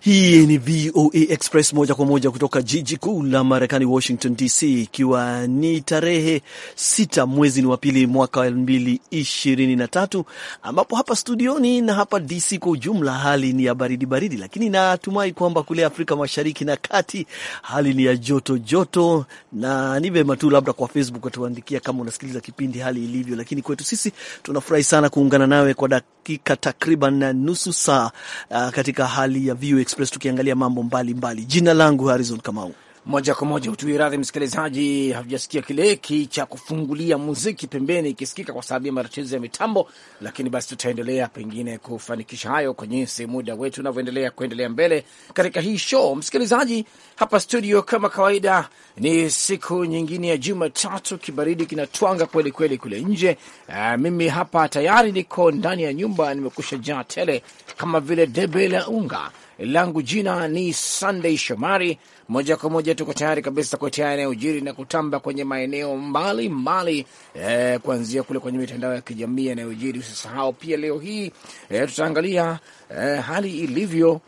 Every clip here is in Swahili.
Hii ni VOA Express moja kwa moja kutoka jiji kuu la Marekani, Washington DC, ikiwa ni tarehe sita mwezi ni wa pili mwaka wa elfu mbili ishirini na tatu ambapo hapa studioni na hapa DC kwa ujumla hali ni ya baridi baridi, lakini natumai kwamba kule Afrika Mashariki na Kati hali ni ya joto joto, na ni vema tu labda kwa Facebook atuandikia kama unasikiliza kipindi hali ilivyo, lakini kwetu sisi tunafurahi sana kuungana nawe kwa dakika takriban nusu saa ah, katika hali ya VOA Express tukiangalia mambo mbalimbali. Jina langu Harrison Kamau. Moja kwa moja utui radhi msikilizaji, hatujasikia kile ki cha kufungulia muziki pembeni ikisikika kwa sababu ya matatizo ya mitambo, lakini basi tutaendelea pengine kufanikisha hayo kwenye sehemu muda wetu unavyoendelea kuendelea mbele katika hii show. Msikilizaji, hapa studio kama kawaida, ni siku nyingine ya Jumatatu, kibaridi kinatwanga kweli kweli kule nje. Uh, mimi hapa tayari niko ndani ya nyumba nimekusha jaa tele kama vile debe la unga langu jina ni Sunday Shomari. Moja kwa moja tuko tayari kabisa kuetea yanayojiri na kutamba kwenye maeneo mbalimbali, eh, kuanzia kule kwenye mitandao ya kijamii yanayojiri. Usisahau pia leo hii eh, tutaangalia eh, hali ilivyo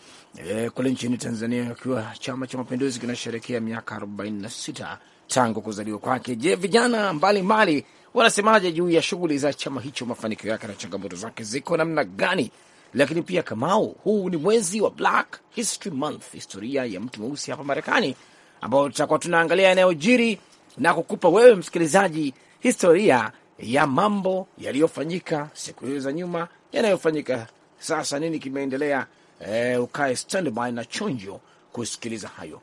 eh, kule nchini Tanzania, akiwa Chama cha Mapinduzi kinasherekea miaka 46 tangu kuzaliwa kwake. Je, vijana mbalimbali wanasemaje juu ya shughuli za chama hicho, mafanikio yake na changamoto zake ziko namna gani? Lakini pia Kamau, huu ni mwezi wa Black History Month, historia ya mtu mweusi hapa Marekani, ambao tutakuwa tunaangalia yanayojiri na kukupa wewe msikilizaji historia ya mambo yaliyofanyika siku hiyo za nyuma, yanayofanyika sasa, nini kimeendelea. Eh, ukae standby na chonjo kusikiliza hayo.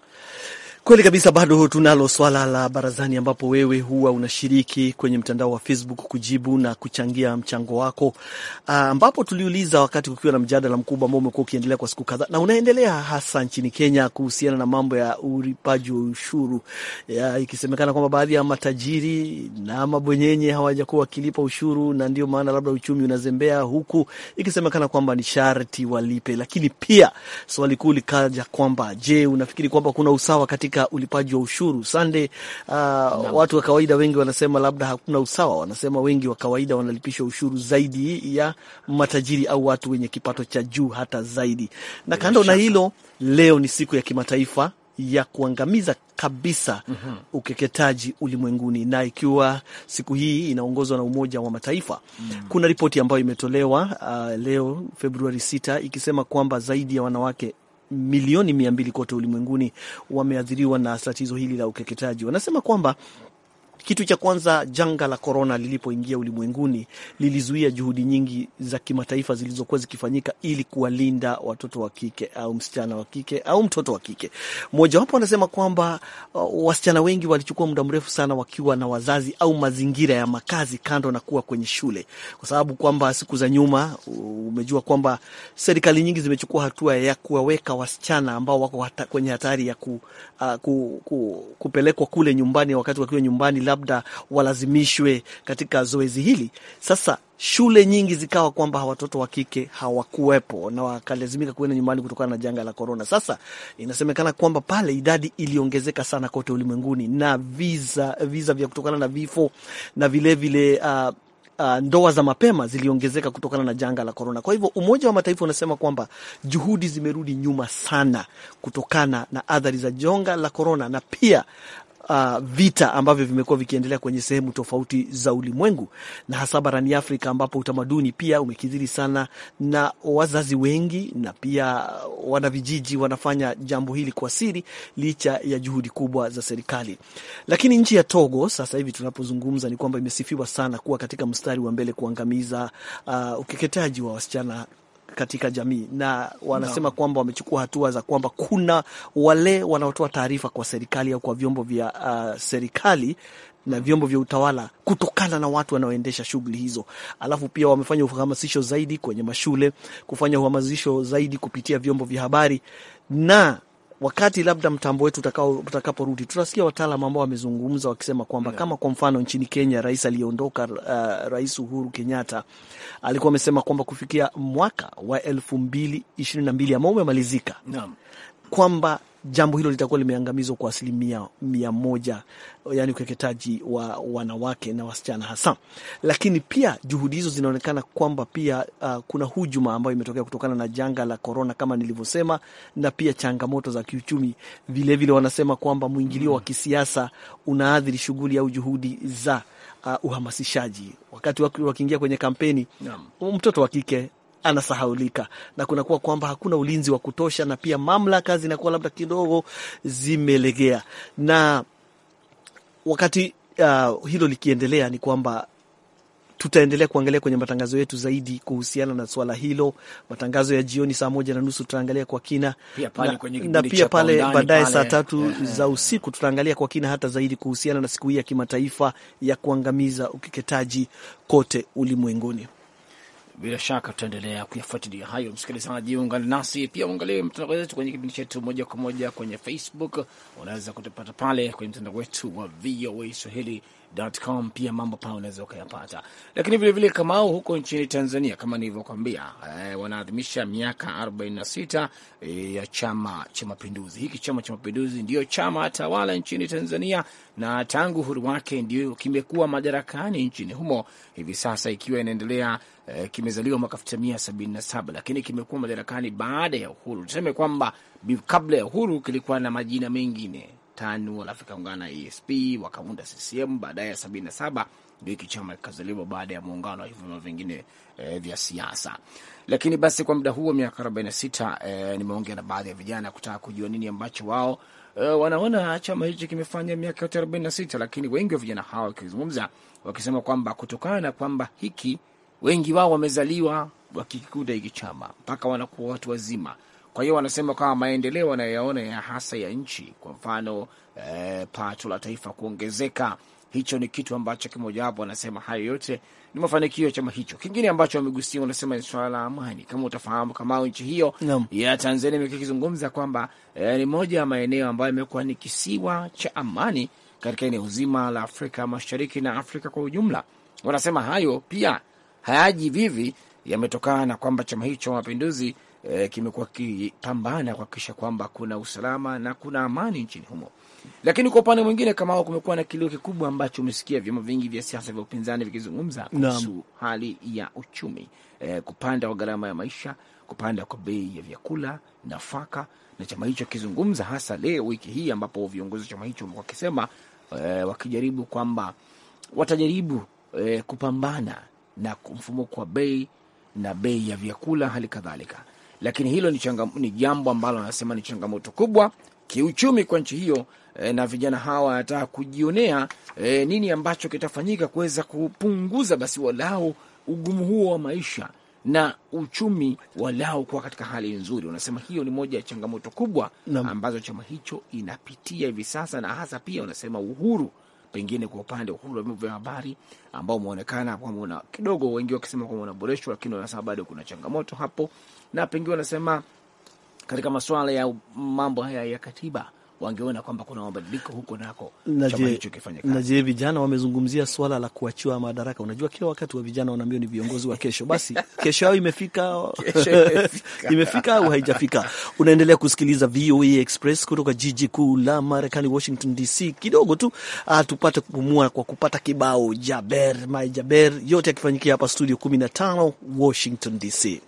Kweli kabisa. Bado tunalo swala la barazani, ambapo wewe huwa unashiriki kwenye mtandao wa Facebook kujibu na kuchangia mchango wako, ah, ambapo tuliuliza wakati kukiwa na mjadala mkubwa ambao umekuwa ukiendelea kwa siku kadhaa na unaendelea hasa nchini Kenya kuhusiana na mambo ya ulipaji wa ushuru, ikisemekana kwamba baadhi ya matajiri na mabwenyenye hawajakuwa wakilipa ushuru na ndio maana labda uchumi unazembea, huku ikisemekana kwamba ni sharti walipe. Lakini pia swali kuu likaja kwamba, je, unafikiri kwamba kuna usawa katika katika ulipaji wa ushuru sande. Uh, watu wa kawaida wengi wanasema labda hakuna usawa, wanasema wengi wa kawaida wanalipisha ushuru zaidi ya matajiri au watu wenye kipato cha juu hata zaidi. Na kando na hilo, leo ni siku ya kimataifa ya kuangamiza kabisa mm -hmm. ukeketaji ulimwenguni, na ikiwa siku hii inaongozwa na Umoja wa Mataifa mm -hmm. kuna ripoti ambayo imetolewa uh, leo Februari 6 ikisema kwamba zaidi ya wanawake milioni mia mbili kote ulimwenguni wameathiriwa na tatizo hili la ukeketaji. Wanasema kwamba kitu cha kwanza, janga la korona lilipoingia ulimwenguni lilizuia juhudi nyingi za kimataifa zilizokuwa zikifanyika ili kuwalinda watoto wa kike au msichana wa kike au mtoto wa kike. Mmojawapo anasema kwamba uh, wasichana wengi walichukua muda mrefu sana wakiwa na wazazi au mazingira ya makazi, kando na kuwa kwenye shule, kwa sababu kwamba siku za nyuma uh, umejua kwamba serikali nyingi zimechukua hatua ya kuwaweka wasichana ambao wako hata, kwenye hatari ya ku, uh, ku, ku, kupelekwa kule nyumbani wakati wakiwa nyumbani labda walazimishwe katika zoezi hili. Sasa shule nyingi zikawa kwamba watoto wa kike hawakuwepo na wakalazimika kuenda nyumbani kutokana na janga la korona. Sasa inasemekana kwamba pale idadi iliongezeka sana kote ulimwenguni, na visa visa vya kutokana na vifo na vilevile vile, uh, Uh, ndoa za mapema ziliongezeka kutokana na janga la korona. Kwa hivyo Umoja wa Mataifa unasema kwamba juhudi zimerudi nyuma sana kutokana na athari za janga la korona, na pia uh, vita ambavyo vimekuwa vikiendelea kwenye sehemu tofauti za ulimwengu na hasa barani Afrika ambapo utamaduni pia umekidhiri sana, na wazazi wengi na pia wanavijiji wanafanya jambo hili kwa siri, licha ya juhudi kubwa za serikali. Lakini nchi ya Togo sasa hivi tunapozungumza, ni kwamba imesifiwa sana kuwa katika mstari wa mbele kuangamiza uh, ukeketaji wa wasichana katika jamii, na wanasema no. kwamba wamechukua hatua za kwamba kuna wale wanaotoa taarifa kwa serikali au kwa vyombo vya uh, serikali na vyombo vya utawala kutokana na watu wanaoendesha shughuli hizo. Alafu pia wamefanya uhamasisho zaidi kwenye mashule, kufanya uhamasisho zaidi kupitia vyombo vya habari na wakati labda mtambo wetu utakaporudi, tutasikia wataalam ambao wamezungumza wakisema kwamba yeah. Kama kwa mfano nchini Kenya rais aliyeondoka uh, Rais Uhuru Kenyatta alikuwa amesema kwamba kufikia mwaka wa elfu mbili ishirini na mbili ambao umemalizika yeah kwamba jambo hilo litakuwa limeangamizwa kwa asilimia mia moja, yani ukeketaji wa wanawake na wasichana hasa. Lakini pia juhudi hizo zinaonekana kwamba pia uh, kuna hujuma ambayo imetokea kutokana na janga la korona kama nilivyosema, na pia changamoto za kiuchumi vilevile. Vile wanasema kwamba mwingilio wa kisiasa unaathiri shughuli au juhudi za Uh, uhamasishaji wakati wakiingia kwenye kampeni yeah. Mtoto wa kike anasahaulika na kunakuwa kwamba hakuna ulinzi wa kutosha, na pia mamlaka zinakuwa labda kidogo zimelegea. Na wakati uh, hilo likiendelea, ni kwamba tutaendelea kuangalia kwenye matangazo yetu zaidi kuhusiana na swala hilo. Matangazo ya jioni saa moja na nusu tutaangalia kwa kina pia na, na pia pale baadaye saa tatu yeah, za usiku tutaangalia kwa kina hata zaidi kuhusiana na siku hii ya kimataifa ya kuangamiza ukeketaji kote ulimwenguni. Bila shaka tutaendelea kuyafuatilia hayo. Msikilizaji, ungane nasi pia, uangalie mtandao wetu kwenye kipindi chetu moja kwa moja kwenye Facebook. Unaweza kutupata pale kwenye mtandao wetu wa VOA Swahili.com. Pia mambo pale unaweza ukayapata, lakini vilevile Kamau, huko nchini Tanzania kama nilivyokwambia, eh, wanaadhimisha miaka 46 eh, ya Chama cha Mapinduzi. Hiki Chama cha Mapinduzi ndiyo chama tawala nchini Tanzania na tangu uhuru wake ndio kimekuwa madarakani nchini humo, hivi sasa ikiwa inaendelea eh, kimezaliwa mwaka 1977 lakini kimekuwa madarakani baada ya uhuru. Tuseme kwamba kabla ya uhuru kilikuwa na majina mengine TANU, alafu ikaungana na ESP, wakaunda CCM, baadaye ya 77 ndio hiki chama kikazaliwa baada ya muungano wa vyama vingine eh, vya siasa. Lakini basi kwa muda huo miaka 46, eh, nimeongea na baadhi ya vijana kutaka kujua nini ambacho wao e, wanaona chama hichi kimefanya miaka yote 46, lakini wengi wa vijana hawa wakizungumza wakisema kwamba kutokana na kwamba hiki wengi wao wamezaliwa wakikuda hiki chama mpaka wanakuwa watu wazima. Kwa hiyo wanasema kwamba maendeleo wanayoyaona ya hasa ya nchi, kwa mfano eh, pato la taifa kuongezeka, hicho ni kitu ambacho kimojawapo, wanasema hayo yote ni mafanikio ya chama hicho. Kingine ambacho wamegusia, wanasema ni swala la amani. Kama utafahamu, kama nchi hiyo no. ya Tanzania imekuwa ikizungumza kwamba eh, ni moja ya maeneo ambayo imekuwa ni kisiwa cha amani katika eneo zima la Afrika Mashariki na Afrika kwa ujumla. Wanasema hayo pia hayaji vivi yametokana na kwamba chama hicho cha mapinduzi eh, kimekuwa kipambana kuhakikisha kwamba kuna usalama na kuna amani nchini humo. Lakini kwa upande mwingine, kama kumekuwa na kilio kikubwa ambacho umesikia vyama vingi vya siasa vya upinzani vikizungumza kuhusu hali ya uchumi eh, kupanda kwa gharama ya maisha, kupanda kwa bei ya vyakula, nafaka, na chama hicho kizungumza hasa leo wiki hii ambapo viongozi wa chama hicho wamekuwa wakisema e, wakijaribu kwamba watajaribu e, kupambana na mfumuko wa bei na bei ya vyakula hali kadhalika. Lakini hilo ni, changa, ni jambo ambalo anasema ni changamoto kubwa kiuchumi kwa nchi hiyo e, na vijana hawa wanataka kujionea e, nini ambacho kitafanyika kuweza kupunguza basi walau ugumu huo wa maisha na uchumi walau kuwa katika hali nzuri. Unasema hiyo ni moja ya changamoto kubwa ambazo chama hicho inapitia hivi sasa, na hasa pia unasema uhuru pengine kwa upande wa uhuru wa vyombo vya habari ambao umeonekana kwamba una kidogo, wengi wakisema kwamba unaboreshwa, lakini wanasema bado kuna changamoto hapo, na pengine wanasema katika masuala ya mambo haya ya katiba wangeona kwamba kuna mabadiliko huko nako chama hicho kifanya kazi. Na je, vijana wamezungumzia swala la kuachiwa madaraka? Unajua, kila wakati wa vijana wanaambia ni viongozi wa kesho. Basi kesho yao imefika, imefika au haijafika? Unaendelea kusikiliza VOA Express kutoka jiji kuu la Marekani, Washington DC. Kidogo tu ah, tupate kupumua kwa kupata kibao Jaber My Jaber, yote yakifanyikia hapa studio 15 Washington DC.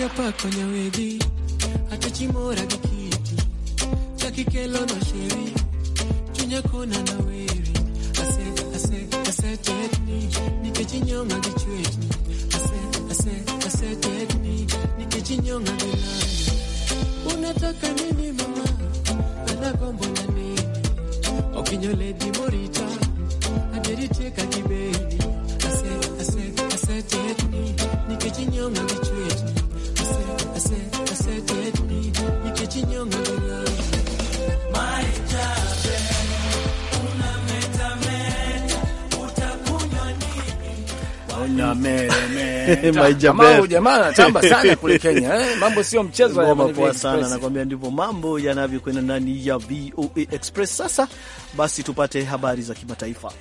gapakanya wedi atachimora gi kiti chakikelo na sheri chunya kona na weri ase ase ase tetni nikech inyong'a gi ase ase ase tetni nikech inyong'a gi unataka nini mama anagombo na nini okinyoledi morita aderitieka gibeni ase ase ase tetni nikech inyong'a gi Jamaa anatamba sana kule Kenya eh? Mambo sio mchezo ya poa sana, nakwambia. Ndivyo mambo yanavyokwenda ndani ya VOA Express. Sasa basi, tupate habari za kimataifa.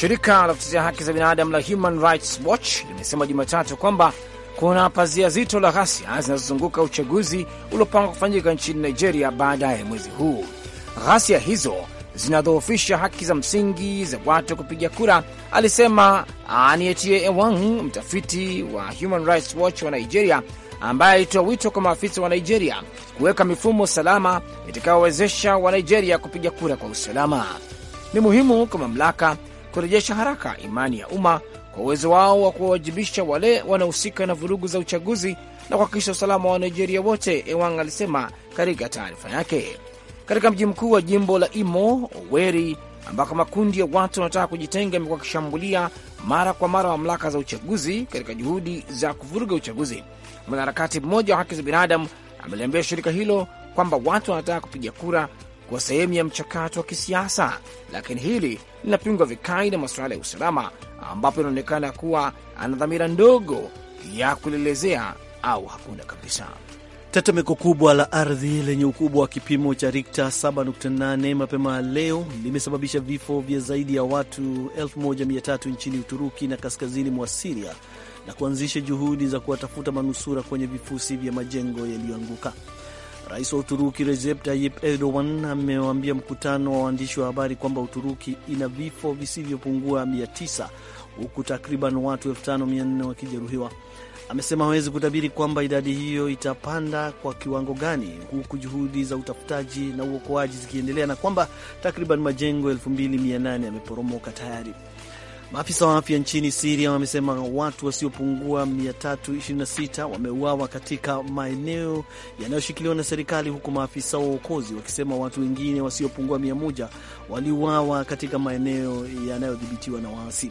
Shirika la kutetea haki za binadamu la Human Rights Watch limesema Jumatatu kwamba kuna pazia zito la ghasia zinazozunguka uchaguzi uliopangwa kufanyika nchini Nigeria baadaye mwezi huu. Ghasia hizo zinadhoofisha haki za msingi za watu kupiga kura, alisema Anietie Ewang, mtafiti wa Human Rights Watch wa Nigeria, ambaye alitoa wito kwa maafisa wa Nigeria kuweka mifumo salama itakayowezesha wa Nigeria kupiga kura kwa usalama. Ni muhimu kwa mamlaka kurejesha haraka imani ya umma kwa uwezo wao wa kuwawajibisha wale wanaohusika na vurugu za uchaguzi na kuhakikisha usalama wa Nigeria wote, Ewang alisema katika taarifa yake. Katika mji mkuu wa jimbo la Imo, Oweri, ambako makundi ya watu wanataka kujitenga yamekuwa akishambulia mara kwa mara mamlaka za uchaguzi katika juhudi za kuvuruga uchaguzi, mwanaharakati mmoja wa haki za binadamu ameliambia shirika hilo kwamba watu wanataka kupiga kura kuwa sehemu ya mchakato wa kisiasa, lakini hili linapingwa vikali na masuala ya usalama, ambapo inaonekana kuwa ana dhamira ndogo ya kulielezea au hakuna kabisa. Tetemeko kubwa la ardhi lenye ukubwa wa kipimo cha Rikta 7.8 mapema leo limesababisha vifo vya zaidi ya watu 1300 nchini Uturuki na kaskazini mwa Siria na kuanzisha juhudi za kuwatafuta manusura kwenye vifusi vya majengo yaliyoanguka. Rais wa Uturuki Recep Tayyip Erdogan amewaambia mkutano wa waandishi wa habari kwamba Uturuki ina vifo visivyopungua 900 huku takriban watu 5400 wakijeruhiwa. Amesema hawezi kutabiri kwamba idadi hiyo itapanda kwa kiwango gani, huku juhudi za utafutaji na uokoaji zikiendelea na kwamba takriban majengo 2800 yameporomoka tayari. Maafisa wa afya nchini Siria wamesema watu wasiopungua 326 wameuawa katika maeneo yanayoshikiliwa na serikali, huku maafisa wa uokozi wakisema watu wengine wasiopungua 100 waliuawa katika maeneo yanayodhibitiwa na waasi.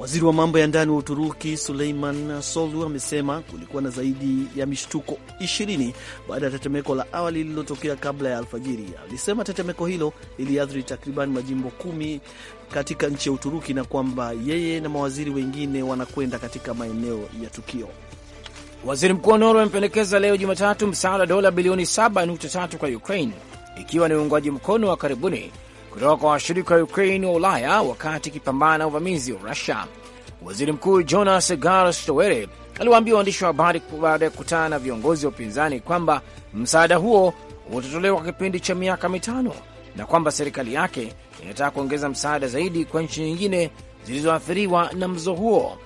Waziri wa mambo ya ndani wa Uturuki Suleiman Solu amesema kulikuwa na zaidi ya mishtuko 20 baada ya tetemeko la awali lililotokea kabla ya alfajiri. Alisema tetemeko hilo liliathiri takriban majimbo kumi katika nchi ya Uturuki na kwamba yeye na mawaziri wengine wanakwenda katika maeneo ya tukio. Waziri mkuu wa Norway amependekeza leo Jumatatu msaada wa dola bilioni 7.3 kwa Ukraine, ikiwa ni uungwaji mkono wa karibuni kutoka kwa washirika wa Ukraine wa Ulaya wakati ikipambana na uvamizi wa Rusia. Waziri Mkuu Jonas Gar Stowere aliwaambia waandishi wa habari baada ya kukutana na viongozi wa upinzani kwamba msaada huo utatolewa kwa kipindi cha miaka mitano na kwamba serikali yake inataka kuongeza msaada zaidi kwa nchi nyingine zilizoathiriwa na mzo huo.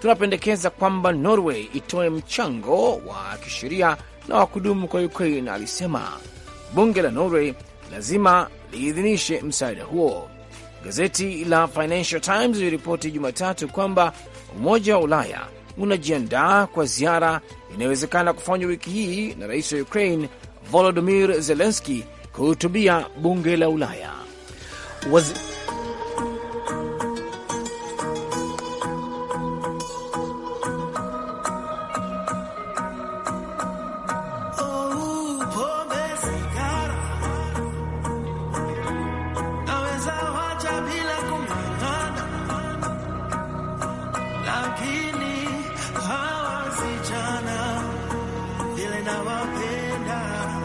Tunapendekeza kwamba Norway itoe mchango wa kisheria na wa kudumu kwa Ukraine, alisema. Bunge la Norway lazima liidhinishe msaada huo. Gazeti la Financial Times liliripoti Jumatatu kwamba Umoja wa Ulaya unajiandaa kwa ziara inayowezekana kufanywa wiki hii na rais wa Ukraine Volodimir Zelenski kuhutubia bunge la Ulaya Was... nawapenda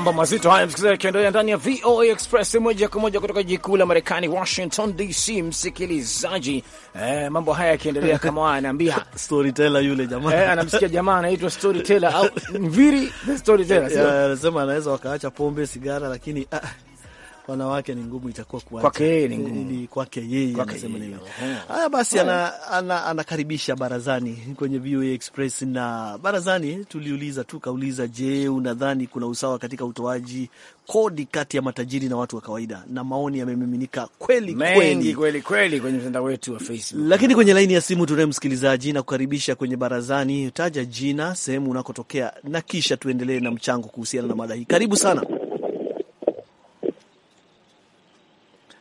mambo mazito haya, msikilizaji, akiendelea ndani ya VOA Express moja kwa moja kutoka jiji kuu la Marekani, Washington DC. Msikilizaji, eh, mambo haya yakiendelea kama anaambia storyteller yule jamaa eh, anamsikia jamaa anaitwa storyteller au mviri the storyteller, anasema anaweza wakaacha pombe, sigara, lakini ah, wanawake ni ngumu, itakuwa kwake yeye ni ngumu, kwake yeye anasema nini? Haya basi, anakaribisha ana, barazani kwenye VOA Express na barazani tuliuliza tu kauliza, je, unadhani kuna usawa katika utoaji kodi kati ya matajiri na watu wa kawaida? Na maoni yamemiminika kweli kweli kweli kweli kwenye mtandao wetu wa Facebook. Lakini kwenye laini ya simu tunaye msikilizaji na kukaribisha kwenye barazani, taja jina, sehemu unakotokea na kisha tuendelee na mchango kuhusiana na mada hii. Karibu sana.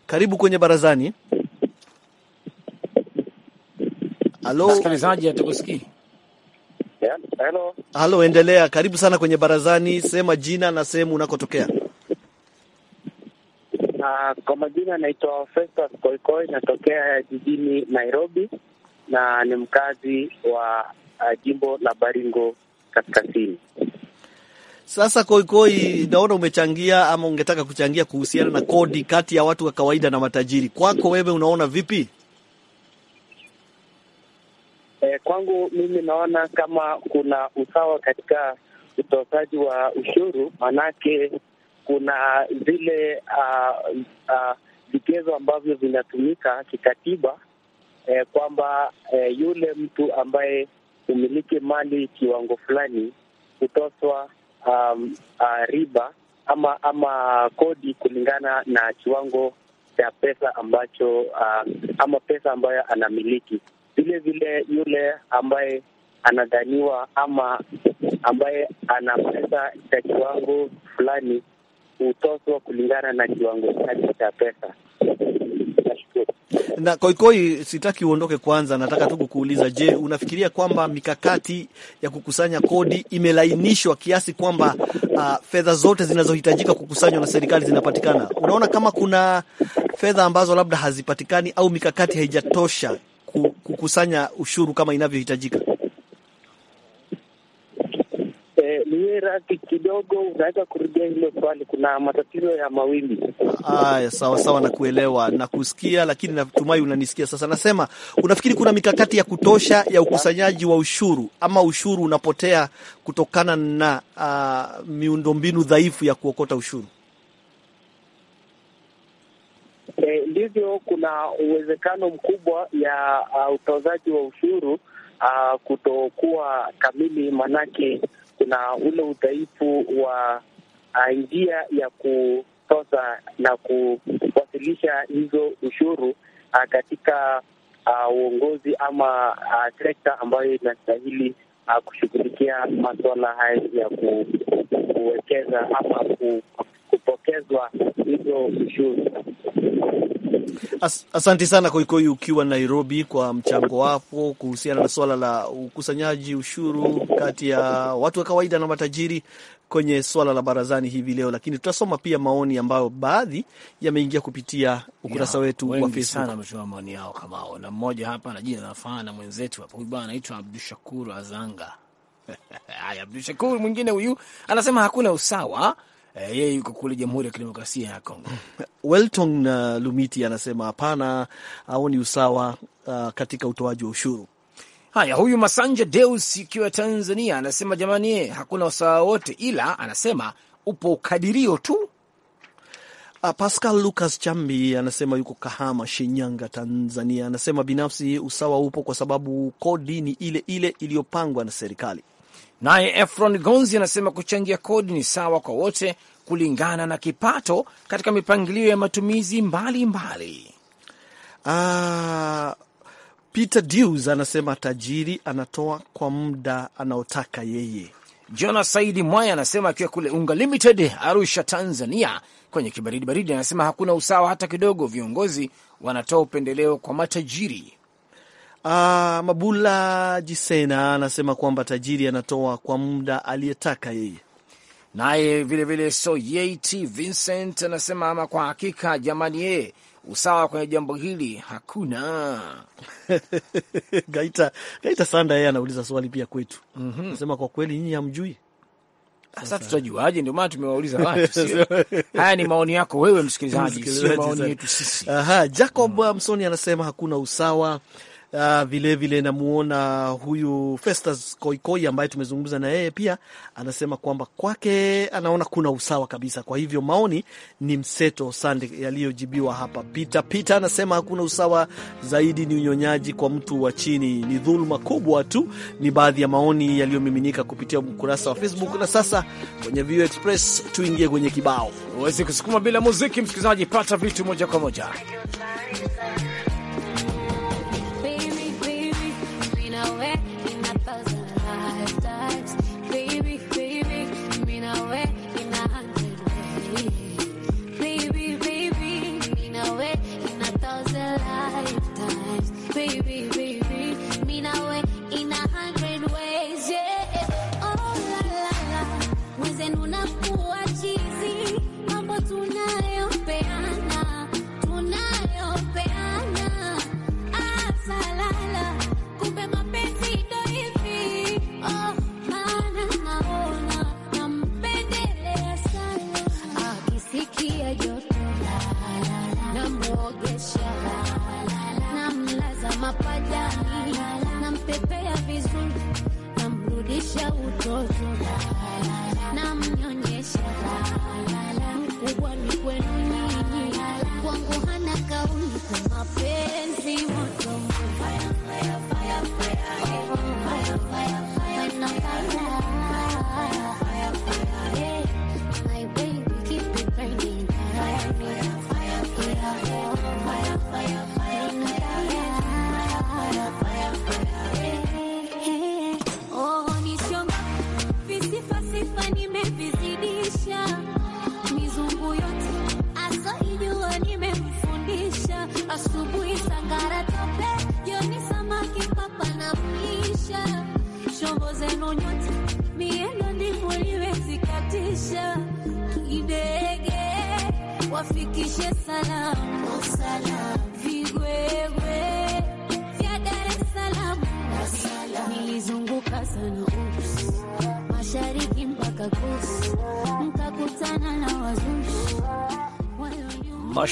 Karibu kwenye barazani. Halo msikilizaji, hatukusikii. Halo, halo, endelea. Karibu sana kwenye barazani, sema jina na sehemu unakotokea. Uh, kwa majina naitwa Festus Koikoi, natokea jijini Nairobi na ni mkazi wa uh, jimbo la Baringo Kaskazini. Sasa Koikoi, naona umechangia ama ungetaka kuchangia kuhusiana na kodi kati ya watu wa kawaida na matajiri. Kwako wewe unaona vipi? Eh, kwangu mimi naona kama kuna usawa katika utozaji wa ushuru, maanake kuna zile uh, uh, vigezo ambavyo vinatumika kikatiba eh, kwamba eh, yule mtu ambaye umiliki mali kiwango fulani hutozwa um, uh, riba ama ama kodi kulingana na kiwango cha pesa ambacho uh, ama pesa ambayo anamiliki. Vile vile yule ambaye anadhaniwa ama ambaye ana pesa cha kiwango fulani hutozwa kulingana na kiwango chake cha pesa na Koikoi, sitaki uondoke kwanza, nataka tu kukuuliza, je, unafikiria kwamba mikakati ya kukusanya kodi imelainishwa kiasi kwamba uh, fedha zote zinazohitajika kukusanywa na serikali zinapatikana? Unaona kama kuna fedha ambazo labda hazipatikani au mikakati haijatosha kukusanya ushuru kama inavyohitajika? radhi kidogo, unaweza kurudia hilo swali? Kuna matatizo ya mawimbi. Haya, sawa sawa, nakuelewa na kusikia, lakini natumai unanisikia sasa. Nasema, unafikiri kuna mikakati ya kutosha ya ukusanyaji wa ushuru ama ushuru unapotea kutokana na uh, miundombinu dhaifu ya kuokota ushuru? Eh, ndivyo, e, kuna uwezekano mkubwa ya uh, utozaji wa ushuru uh, kutokuwa kamili, manake kuna ule udhaifu wa ah, njia ya kutoza na kuwasilisha hizo ushuru ah, katika uh, uongozi ama uh, sekta ambayo inastahili uh, kushughulikia masuala haya ya ku, kuwekeza ama ku, kupokezwa hizo ushuru. As, asante sana Koikoi ukiwa Nairobi kwa mchango wako kuhusiana na swala la ukusanyaji ushuru kati ya watu wa kawaida na matajiri kwenye swala la barazani hivi leo, lakini tutasoma pia maoni ambayo baadhi yameingia kupitia ukurasa ya wetu wa Facebook. maoni yao hao, na mmoja hapa na jina nafaa na mwenzetu hapa, huyu bwana anaitwa Abdushakur Azanga. Aya, Abdushakur mwingine huyu anasema hakuna usawa Eh, yeye yuko kule Jamhuri ya Kidemokrasia ya Kongo. Welton uh, Lumiti anasema hapana, au ni usawa uh, katika utoaji wa ushuru. Haya, huyu Masanja Deus ikiwa Tanzania anasema jamani, hakuna usawa wote, ila anasema upo ukadirio tu. Uh, Pascal Lucas Chambi anasema yuko Kahama, Shinyanga, Tanzania. Anasema binafsi usawa upo kwa sababu kodi ni ile ile iliyopangwa na serikali. Naye Efron Gonzi anasema kuchangia kodi ni sawa kwa wote kulingana na kipato katika mipangilio ya matumizi mbalimbali mbali. Uh... Peter Dews anasema tajiri anatoa kwa muda anaotaka yeye. Jonas Saidi Mwaya anasema akiwa kule Unga Limited, Arusha, Tanzania, kwenye kibaridi baridi, anasema hakuna usawa hata kidogo, viongozi wanatoa upendeleo kwa matajiri. Uh, Mabula Jisena anasema kwamba tajiri anatoa kwa muda aliyetaka yeye. Naye vilevile Soyeti Vincent anasema ama kwa hakika jamani, yeye usawa kwenye jambo hili hakuna. Gaita, Gaita Sanda yeye anauliza swali pia kwetu, mm -hmm. kwa kweli nyinyi hamjui sasa tutajuaje? Ndio maana tumewauliza watu sio? Haya ni maoni yako wewe msikilizaji, sio maoni yetu sisi. Aha, Jacob mm. Msoni anasema hakuna usawa Uh, ah, vilevile namuona huyu Festus Koikoi ambaye tumezungumza na yeye pia, anasema kwamba kwake anaona kuna usawa kabisa. Kwa hivyo maoni ni mseto sande yaliyojibiwa hapa. Peter Peter anasema hakuna usawa, zaidi ni unyonyaji kwa mtu wa chini, ni dhuluma kubwa tu. Ni baadhi ya maoni yaliyomiminika kupitia ukurasa wa Facebook. Na sasa kwenye View Express tuingie kwenye kibao, huwezi kusukuma bila muziki. Msikilizaji, pata vitu moja kwa moja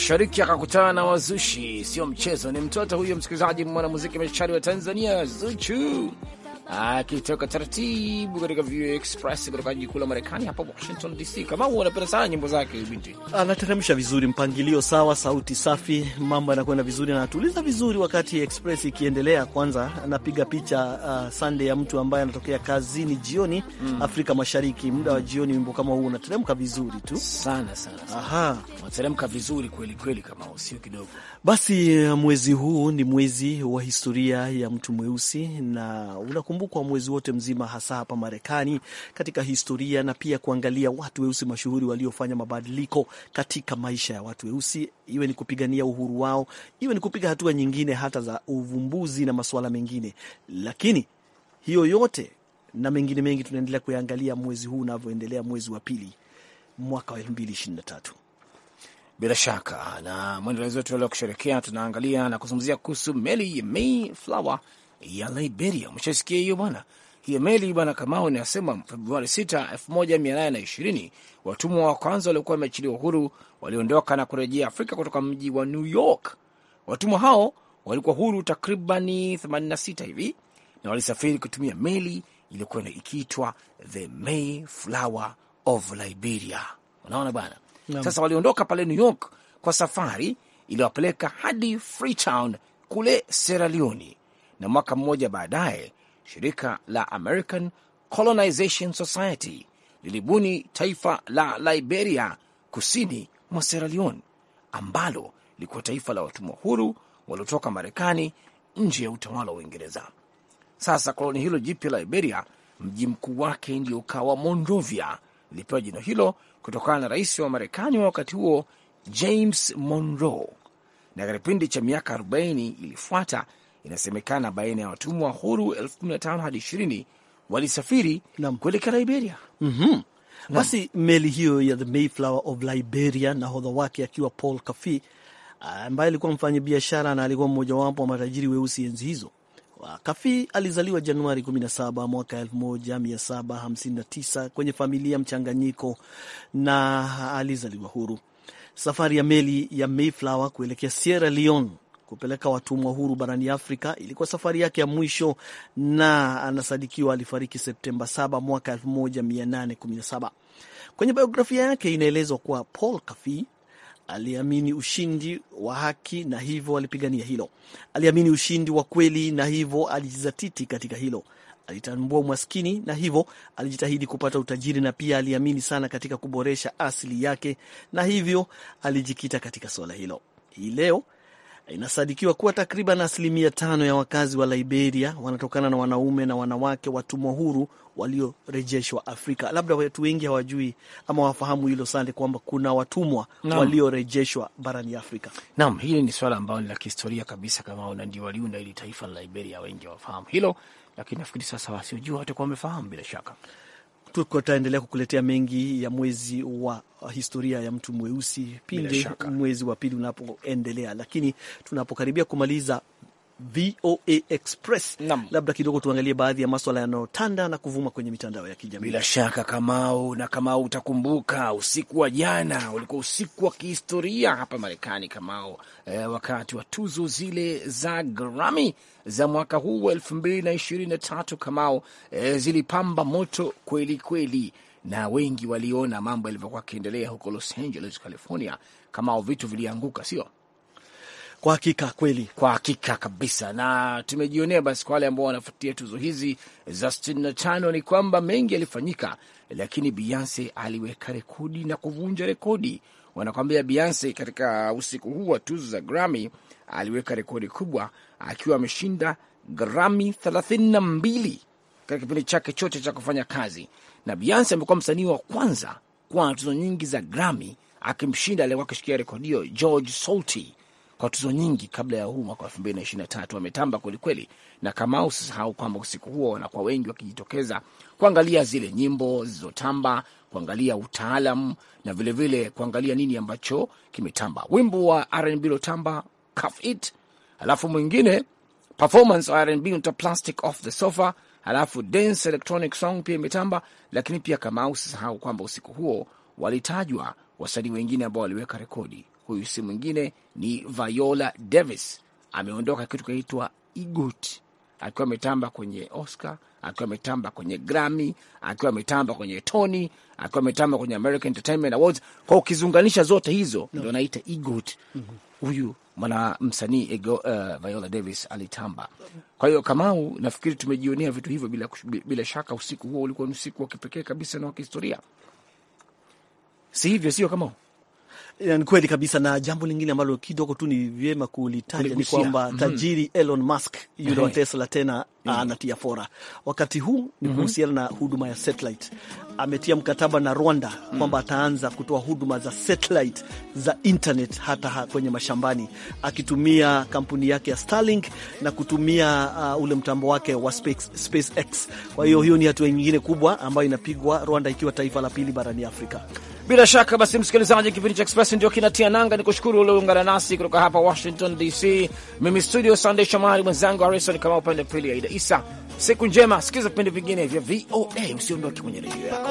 Mashariki akakutana na wazushi, sio mchezo. Ni mtoto huyo msikilizaji, mwanamuziki mashari wa Tanzania Zuchu akitoka taratibu katika VOA Express kutoka jiji kuu la Marekani hapa Washington DC. Kama huo anapenda sana nyimbo zake binti, anateremsha vizuri, mpangilio sawa, sauti safi, mambo yanakwenda vizuri anatuliza vizuri wakati Express ikiendelea. Kwanza anapiga picha uh, Sunday ya mtu ambaye anatokea kazini jioni mm. Afrika Mashariki muda wa jioni, wimbo kama huu unateremka vizuri tu sana sana, sana. Aha, unateremka vizuri kweli kweli, kama sio kidogo. Basi mwezi huu ni mwezi wa historia ya mtu mweusi na unakum itakumbukwa mwezi wote mzima, hasa hapa Marekani katika historia, na pia kuangalia watu weusi mashuhuri waliofanya mabadiliko katika maisha ya watu weusi, iwe ni kupigania uhuru wao, iwe ni kupiga hatua nyingine hata za uvumbuzi na masuala mengine. Lakini hiyo yote na mengine mengi tunaendelea kuyaangalia mwezi huu unavyoendelea, mwezi wa pili mwaka wa 2023 bila shaka na mwendelezo wetu leo kusherekea, tunaangalia na kuzungumzia kuhusu meli ya Mayflower ya Liberia. Umeshasikia hiyo bwana, hiyo meli bwana Kamao inasema Februari 6, 1820 watumwa wa kwanza waliokuwa wameachiliwa huru waliondoka na kurejea Afrika kutoka mji wa New York. Watumwa hao walikuwa huru takribani 86 hivi na walisafiri kutumia meli iliyokuwa ikiitwa the Mayflower of Liberia. Unaona bwana, sasa waliondoka pale New York kwa safari iliyowapeleka hadi Freetown kule Sierra Leone na mwaka mmoja baadaye shirika la American Colonization Society lilibuni taifa la Liberia kusini mwa Sierra Leone ambalo lilikuwa taifa la watumwa huru waliotoka Marekani nje ya utawala wa Uingereza. Sasa koloni hilo jipya la Liberia, mji mkuu wake ndio ukawa Monrovia. Lilipewa jina hilo kutokana na rais wa Marekani wa wakati huo James Monroe, na katika kipindi cha miaka 40 ilifuata inasemekana baina ya watumwa huru elfu kumi na tano hadi ishirini walisafiri kuelekea Liberia. mm -hmm. Basi meli hiyo ya the Mayflower of Liberia, nahodha wake akiwa Paul Kaffi ambaye alikuwa mfanya biashara na alikuwa mmojawapo wa matajiri weusi enzi hizo. Kaffi alizaliwa Januari 17 mwaka 1759 kwenye familia mchanganyiko na alizaliwa huru. Safari ya meli ya Mayflower kuelekea Sierra Leone kupeleka watumwa huru barani Afrika. Ilikuwa safari yake ya mwisho na anasadikiwa alifariki Septemba 7 mwaka 1817. Kwenye biografia yake inaelezwa kuwa Paul Kaffi aliamini ushindi wa haki na hivyo alipigania hilo. Aliamini ushindi wa kweli na hivyo alijizatiti katika hilo. Alitambua umaskini na hivyo alijitahidi kupata utajiri, na pia aliamini sana katika kuboresha asili yake na hivyo alijikita katika suala hilo. Hii leo Inasadikiwa kuwa takriban asilimia tano ya wakazi wa Liberia wanatokana na wanaume na wanawake watumwa huru waliorejeshwa Afrika. Labda watu wengi hawajui ama wafahamu hilo Sande, kwamba kuna watumwa waliorejeshwa barani Afrika. Naam, hili ni swala ambalo ni la kihistoria kabisa, kama na ndio waliunda ili taifa la Liberia. Wengi hawafahamu hilo, lakini nafikiri sasa wasiojua watakuwa wamefahamu bila shaka tutaendelea kukuletea mengi ya mwezi wa historia ya mtu mweusi pindi mwezi wa pili unapoendelea, lakini tunapokaribia kumaliza VOA Express. Labda kidogo tuangalie baadhi ya maswala yanayotanda na kuvuma kwenye mitandao ya kijamii. Bila shaka Kamau, na Kamau utakumbuka usiku wa jana ulikuwa usiku wa kihistoria hapa Marekani Kamau, eh, wakati wa tuzo zile za Grammy za mwaka huu wa elfu mbili na ishirini na tatu Kamau, eh, zilipamba moto kweli kweli na wengi waliona mambo yalivyokuwa akiendelea huko Los Angeles, California, kama vitu vilianguka, sio kwa hakika kweli, kwa hakika kabisa. Na tumejionea basi, kwa wale ambao wanafuatia tuzo hizi za sitini na tano ni kwamba mengi yalifanyika, lakini Beyonce aliweka rekodi na kuvunja rekodi. Wanakwambia Beyonce katika usiku huu wa tuzo za Grammy aliweka rekodi kubwa akiwa ameshinda Grammy thelathini na mbili katika kipindi chake chote cha kufanya kazi, na Beyonce amekuwa msanii wa kwanza kwa tuzo nyingi za Grammy akimshinda aliyekuwa akishikia rekodi hiyo George Solti kwa tuzo nyingi kabla ya huu mwaka wa elfu mbili na ishirini na tatu. Wametamba kwelikweli, na kama usisahau kwamba usiku huo wanakuwa wengi wakijitokeza kuangalia zile nyimbo zilizotamba, kuangalia utaalam na vilevile vile kuangalia nini ambacho kimetamba. Wimbo wa RnB lotamba Cuff It, alafu mwingine performance wa RnB unta Plastic Off the Sofa, alafu dance electronic song pia imetamba. Lakini pia kama usisahau kwamba usiku huo walitajwa wasanii wengine ambao waliweka rekodi huyu si mwingine ni Viola Davis. Ameondoka kitu kinaitwa EGOT, akiwa ametamba kwenye Oscar, akiwa ametamba kwenye Grammy, akiwa ametamba kwenye Tony, akiwa ametamba kwenye American Entertainment Awards. Kwa ukizunganisha zote hizo ndio no. naita EGOT mhm. huyu mm -hmm. Mwana msanii uh, Viola Davis alitamba. Kwa hiyo Kamau, nafikiri tumejionea vitu hivyo bila, bila shaka. Usiku huo ulikuwa ni usiku wa kipekee kabisa na wa kihistoria, si hivyo? Sio Kamau? Eh, ni kweli kabisa, na jambo lingine ambalo kidogo tu ni vyema kulitaja ni kwamba mhm. tajiri mm -hmm. Elon Musk yule wa Tesla tena mm -hmm. anatia fora wakati huu ni mhm. kuhusiana mm -hmm. na huduma ya satellite ametia mkataba na Rwanda kwamba ataanza kutoa huduma za satellite za internet hata kwenye mashambani akitumia kampuni yake ya Starlink na kutumia uh, ule mtambo wake wa SpaceX Kwa hiyo hiyo ni hatua nyingine kubwa ambayo inapigwa Rwanda ikiwa taifa la pili barani Afrika. Bila shaka basi, msikilizaji, kipindi cha Express ndio kinatia nanga. Ni kushukuru ulioungana nasi kutoka hapa Washington DC. Mimi studio Sandey Shomari, mwenzangu Harrison kama upande wa pili Aida Isa Siku njema, sikiza vipindi vingine vya VOA, usiondoke kwenye redio yako.